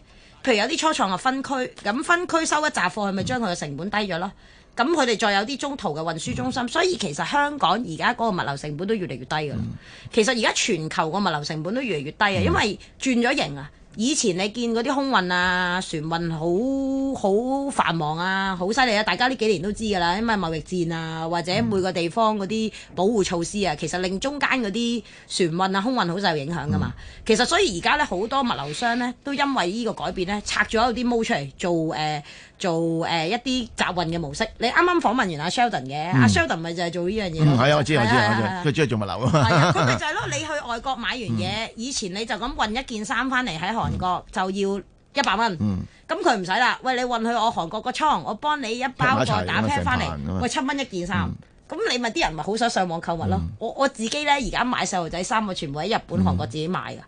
譬如有啲初創就分區，咁分區收一扎貨，係咪將佢嘅成本低咗咯？咁佢哋再有啲中途嘅運輸中心，嗯、所以其實香港而家嗰個物流成本都越嚟越低噶啦。嗯、其實而家全球個物流成本都越嚟越低啊，因為轉咗型啊。以前你見嗰啲空運啊、船運好好繁忙啊、好犀利啊，大家呢幾年都知㗎啦，因為貿易戰啊，或者每個地方嗰啲保護措施啊，其實令中間嗰啲船運啊、空運好受影響㗎嘛。嗯、其實所以而家呢，好多物流商呢都因為呢個改變呢，拆咗有啲毛出嚟做誒。呃做誒一啲集運嘅模式，你啱啱訪問完阿 Sheldon 嘅，阿 Sheldon 咪就係做呢樣嘢。嗯，係啊，我知我知，佢專係做物流啊嘛。佢咪就係咯，你去外國買完嘢，以前你就咁運一件衫翻嚟喺韓國就要一百蚊。嗯，咁佢唔使啦，喂，你運去我韓國個倉，我幫你一包個打 pack 翻嚟，喂，七蚊一件衫。咁你咪啲人咪好想上網購物咯？我我自己咧，而家買細路仔衫，我全部喺日本、韓國自己買噶。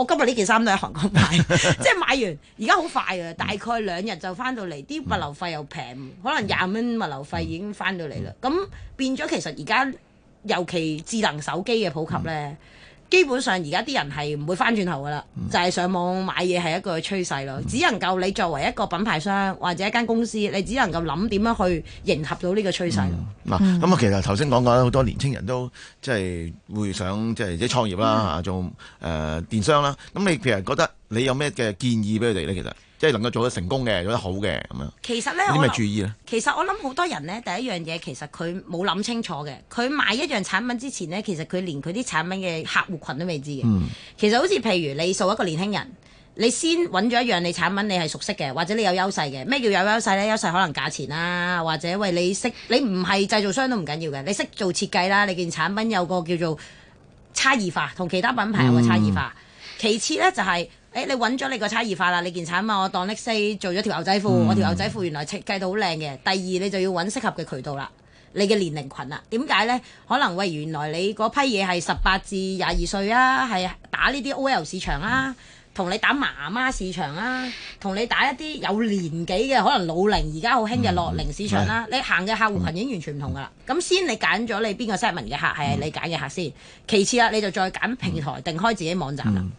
我今日呢件衫都喺韓國買， 即係買完而家好快啊！大概兩日就翻到嚟，啲、嗯、物流費又平，可能廿蚊物流費已經翻到嚟啦。咁、嗯、變咗其實而家尤其智能手機嘅普及呢。嗯基本上而家啲人係唔會翻轉頭噶啦，嗯、就係上網買嘢，係一個趨勢咯。嗯、只能夠你作為一個品牌商或者一間公司，你只能夠諗點樣去迎合到呢個趨勢。嗱，咁啊、嗯，嗯嗯、其實頭先講過啦，好多年青人都即係會想即係自己創業啦，吓、嗯、做誒、呃、電商啦。咁你譬如覺得？你有咩嘅建議俾佢哋咧？其實即係能夠做得成功嘅，做得好嘅咁樣。其實咧，你呢啲咪注意咧。其實我諗好多人咧，第一樣嘢其實佢冇諗清楚嘅。佢賣一樣產品之前咧，其實佢連佢啲產品嘅客戶群都未知嘅。嗯、其實好似譬如你做一個年輕人，你先揾咗一樣你產品，你係熟悉嘅，或者你有優勢嘅。咩叫有優勢咧？優勢可能價錢啦、啊，或者喂你識你唔係製造商都唔緊要嘅，你識做設計啦，你件產品有個叫做差異化，同其他品牌有個差異化。嗯、其次咧就係、是。誒、欸，你揾咗你個差異化啦，你件產嘛，我當 Nike 做咗條牛仔褲，嗯、我條牛仔褲原來設計到好靚嘅。第二，你就要揾適合嘅渠道啦，你嘅年齡群啦。點解呢？可能喂，原來你嗰批嘢係十八至廿二歲啊，係打呢啲 OL 市場啦、啊，同、嗯、你打媽媽市場啦、啊，同你打一啲有年紀嘅，可能老齡而家好興嘅樂齡市場啦、啊。嗯、你行嘅客戶群已經完全唔同噶啦。咁、嗯、先你揀咗你邊個你 segment 嘅客係你揀嘅客先。其次啊，你就再揀平台定開自己網站啦。嗯嗯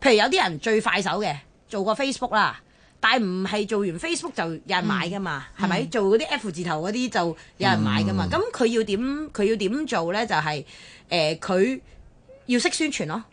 譬如有啲人最快手嘅，做過 Facebook 啦，但係唔係做完 Facebook 就有人買噶嘛，係咪、嗯？做嗰啲 F 字頭嗰啲就有人買噶嘛，咁佢、嗯、要點佢要點做咧？就係、是、誒，佢、呃、要識宣傳咯。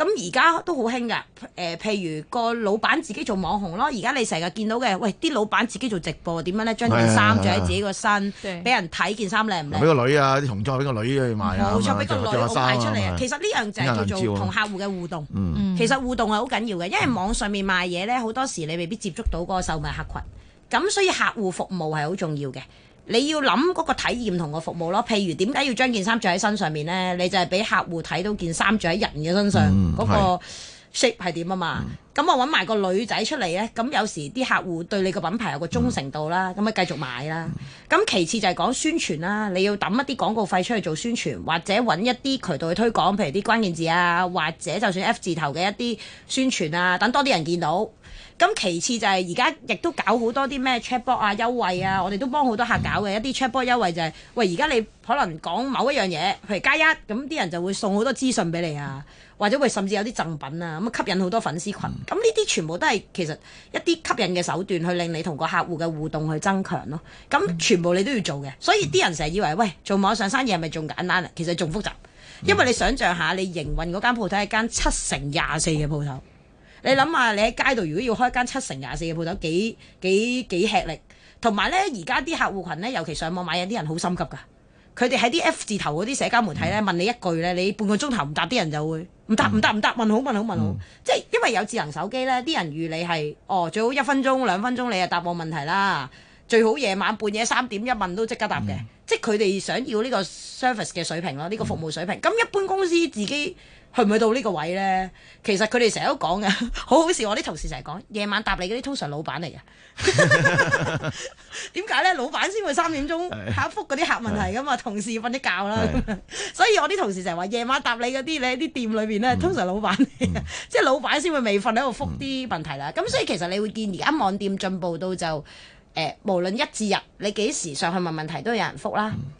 咁而家都好興㗎，誒、呃，譬如個老闆自己做網紅咯。而家你成日見到嘅，喂，啲老闆自己做直播，點樣咧？將件衫着喺自己個身，俾對人睇件衫靚唔靚？俾、啊啊、個女啊，啲同桌俾個女去賣冇錯，俾個女賣出嚟。其實呢樣就係叫做同客戶嘅互動。對嗯、其實互動係好緊要嘅，因為網上面賣嘢咧，好多時你未必接觸到嗰個受買客群，咁所以客戶服務係好重要嘅。你要諗嗰個體驗同個服務咯，譬如點解要將件衫着喺身上面呢？你就係俾客戶睇到件衫着喺人嘅身上嗰、嗯、個 shape 係點啊嘛。咁、嗯、我揾埋個女仔出嚟呢。咁有時啲客戶對你個品牌有個忠誠度啦，咁咪、嗯、繼續買啦。咁、嗯、其次就係講宣傳啦，你要抌一啲廣告費出去做宣傳，或者揾一啲渠道去推廣，譬如啲關鍵字啊，或者就算 F 字頭嘅一啲宣傳啊，等多啲人見到。咁其次就係而家亦都搞好多啲咩 Chatbot 啊優惠啊，我哋都幫好多客搞嘅、嗯、一啲 Chatbot 優惠就係、是，喂而家你可能講某一樣嘢，譬如加一，咁啲人就會送好多資訊俾你啊，或者會甚至有啲贈品啊，咁吸引好多粉絲群。咁呢啲全部都係其實一啲吸引嘅手段，去令你同個客戶嘅互動去增強咯、啊。咁全部你都要做嘅，所以啲人成日以為喂，做網上生意係咪仲簡單啊？其實仲複雜，因為你想象下，你營運嗰間鋪頭係間七成廿四嘅鋪頭。你諗下，你喺街度如果要開一間七成廿四嘅鋪頭，幾幾幾吃力？同埋呢，而家啲客戶群呢，尤其上網買嘢啲人好心急噶。佢哋喺啲 F 字頭嗰啲社交媒體呢，問你一句呢，你半個鐘頭唔答，啲人就會唔答唔、嗯、答唔答，問好問好問好。問好嗯、即係因為有智能手機呢，啲人預你係哦，最好一分鐘兩分鐘你就答我問題啦。最好夜晚半夜三點一問都即刻答嘅。嗯、即係佢哋想要呢個 service 嘅水平咯，呢、呢個服務水平。咁、嗯嗯、一般公司自己。去唔去到呢個位呢？其實佢哋成日都講嘅，好好笑。我啲同事成日講，夜晚答你嗰啲通常老闆嚟嘅。點 解呢？老闆先會三點鐘下覆嗰啲客問題噶嘛？的同事瞓咗覺啦的 所以我啲同事成日話，夜晚答你嗰啲，你喺啲店裏面咧，通常老闆，嗯、 即係老闆先會未瞓喺度覆啲問題啦。咁、嗯、所以其實你會見而家網店進步到就誒、呃，無論一至日，你幾時上去問問題都有人覆啦。嗯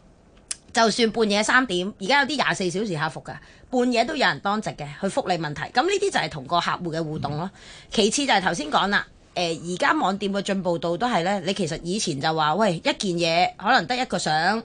就算半夜三點，而家有啲廿四小時客服㗎，半夜都有人當值嘅去覆你問題。咁呢啲就係同個客戶嘅互動咯。其次就係頭先講啦，誒而家網店嘅進步度都係呢。你其實以前就話，喂一件嘢可能得一個相。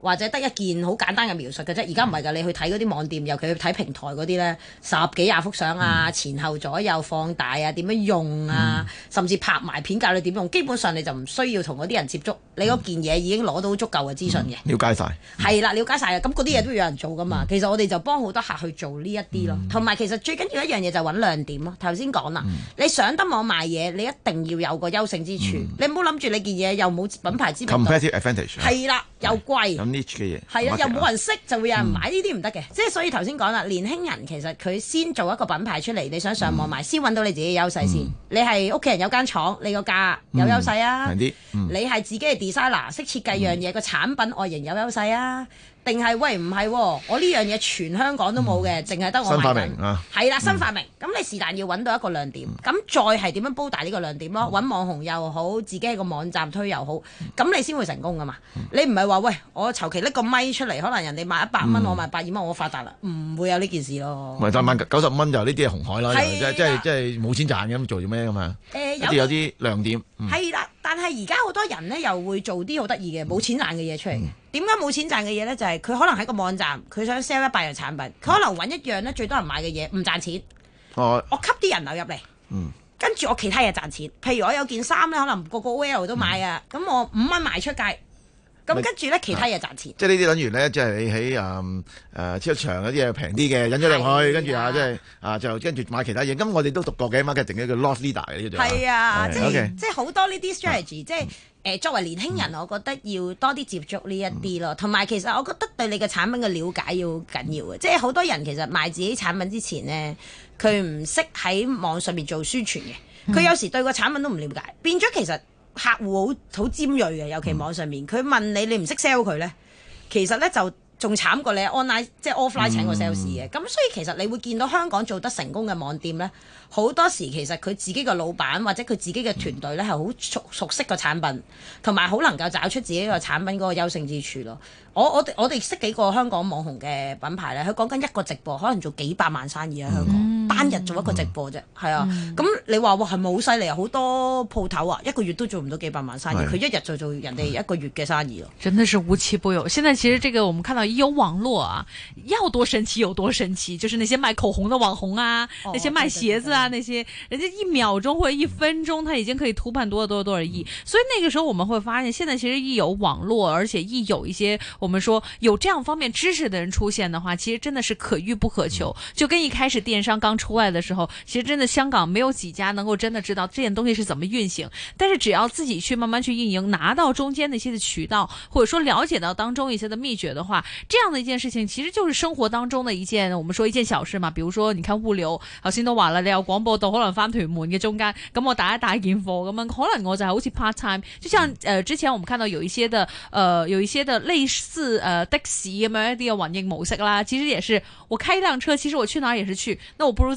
或者得一件好簡單嘅描述嘅啫，而家唔係㗎，你去睇嗰啲網店，尤其去睇平台嗰啲咧，十幾廿幅相啊，前後左右放大啊，點樣用啊，甚至拍埋片教你點用，基本上你就唔需要同嗰啲人接觸，你嗰件嘢已經攞到足夠嘅資訊嘅，了解晒，係啦，了解晒嘅，咁嗰啲嘢都有人做㗎嘛。其實我哋就幫好多客去做呢一啲咯，同埋其實最緊要一樣嘢就揾亮點咯。頭先講啦，你上得網賣嘢，你一定要有個優勝之處，你唔好諗住你件嘢又冇品牌知名度，係啦。又貴，係啊，又冇人識就會有人、啊嗯、買呢啲唔得嘅，即係所以頭先講啦，年輕人其實佢先做一個品牌出嚟，你想上網賣，嗯、先揾到你自己嘅優勢先。嗯、你係屋企人有間廠，你個價有優勢啊。平啲、嗯嗯、你係自己嘅 designer，識設計樣嘢，個、嗯、產品外形有優勢啊。定係喂唔係，我呢樣嘢全香港都冇嘅，淨係得我新發明，係啦，新發明。咁你是但要揾到一個亮點，咁再係點樣煲大呢個亮點咯？揾網紅又好，自己喺個網站推又好，咁你先會成功噶嘛？你唔係話喂，我求其搦個咪出嚟，可能人哋賣一百蚊，我賣八二蚊，我發達啦？唔會有呢件事咯。唔係但賣九十五蚊就呢啲係紅海啦，即係即係冇錢賺嘅咁做做咩噶嘛？一啲有啲亮點。係啦。但係而家好多人呢，又會做啲好得意嘅冇錢賺嘅嘢出嚟。點解冇錢賺嘅嘢呢？就係、是、佢可能喺個網站，佢想 sell 一百樣產品，佢、嗯、可能揾一樣呢最多人買嘅嘢，唔賺錢。嗯、我吸啲人流入嚟，跟住、嗯、我其他嘢賺錢。譬如我有件衫呢，可能個個 OL 都買啊，咁、嗯、我五蚊賣出街。咁跟住咧，其他嘢賺錢。即係呢啲等於咧，即係你喺誒誒超場嗰啲嘢平啲嘅引咗入去，跟住啊，即係、嗯、啊，的跟啊就，是、啊就跟住買其他嘢。咁、嗯、我哋都讀過嘅嘛，佢係叫一個 loss leader 嘅呢種。係啊，即係即係好多呢啲 strategy，即係誒作為年輕人，啊、我覺得要多啲接觸呢一啲咯。同埋、嗯、其實我覺得對你嘅產品嘅了解要緊要嘅。即係好多人其實賣自己產品之前呢，佢唔識喺網上面做宣傳嘅，佢有時對個產品都唔了解，變咗其實。客戶好好尖銳嘅，尤其網上面，佢、嗯、問你你唔識 sell 佢呢，其實呢就仲慘過你 online 即係 offline 請個 sales 嘅。咁、嗯、所以其實你會見到香港做得成功嘅網店呢，好多時其實佢自己個老闆或者佢自己嘅團隊呢係好熟熟悉個產品，同埋好能夠找出自己個產品嗰個優勝之處咯。我我我哋識幾個香港網紅嘅品牌呢，佢講緊一個直播可能做幾百萬生意喺香港。嗯嗯單日、嗯嗯、做一個直播啫，係啊，咁你話喎係咪好犀利啊？好多鋪頭啊，一個月都做唔到幾百萬生意，佢是一日就做人哋一個月嘅生意咯。真的是無奇不有，現在其實這個我們看到有網絡啊，要多神奇有多神奇，就是那些賣口紅的網紅啊，那些賣鞋子啊，那些人家一秒鐘或者一分鐘，它已經可以突破多多少多少億。所以那個時候我們會發現，現在其實一有網絡，而且一有一些我們說有這樣方面知識的人出現的話，其實真的是可遇不可求，就跟一開始電商剛出。戶外的時候，其實真的香港沒有幾家能夠真的知道這件東西是怎麼運行。但是只要自己去慢慢去運營，拿到中間的一些的渠道，或者說了解到當中一些的秘訣的話，這樣的一件事情其實就是生活當中的一件我們說一件小事嘛。比如說，你看物流，好，新都完了，要廣播到可能翻屯門嘅中間，咁我打一打 info，咁樣，可能我就好似 part time，就像呃之前我們看到有一些的呃有一些的類似呃誒的士咁樣一啲嘅運營模式啦。其實也是我開一輛車，其實我去哪也是去，那我不如。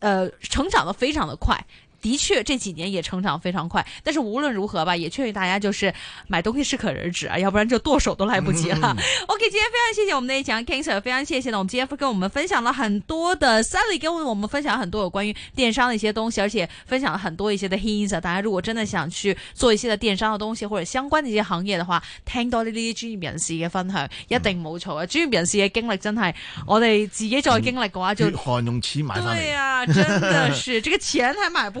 呃，成長的非常的快。的確，這幾年也成長非常快，但是無論如何吧，也勸喻大家就是買東西適可而止啊，要不然就剁手都來不及了。嗯、OK，今天非常謝謝我們的一強 King Sir 非常謝謝呢，我們今天跟我們分享了很多的 Sally 跟我們分享了很多有關於電商的一些東西，而且分享了很多一些的 insa。大家如果真的想去做一些的電商的東西或者相關的一些行業的話，聽多呢，這些專業人士嘅分享一定冇錯啊。嗯、專業人士嘅經歷真係我哋自己再經歷嘅話就，就血汗用錢買翻對啊！真的是這個錢還買不。